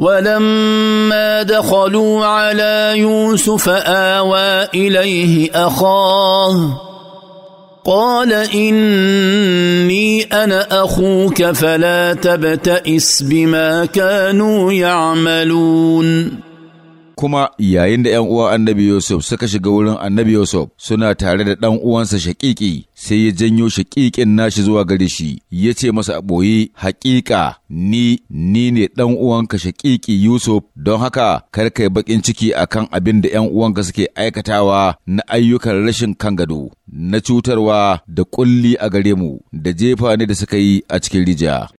ولما دخلوا على يوسف آوى إليه أخاه قال إني أنا أخوك فلا تبتئس بما كانوا يعملون kuma yayin da ‘yan uwa annabi Yusuf suka shiga wurin annabi Yusuf suna tare da ɗan uwansa shaƙiƙi sai ya janyo shaƙiƙin nashi zuwa gare shi ya ce masa a haƙiƙa ni ni ne ɗan uwanka shaƙiƙi Yusuf don haka kar kai baƙin ciki akan abin da ‘yan uwanka suke aikatawa na ayyukan rashin kan gado na cutarwa da ƙulli a gare mu da jefa ne da suka yi a cikin rija.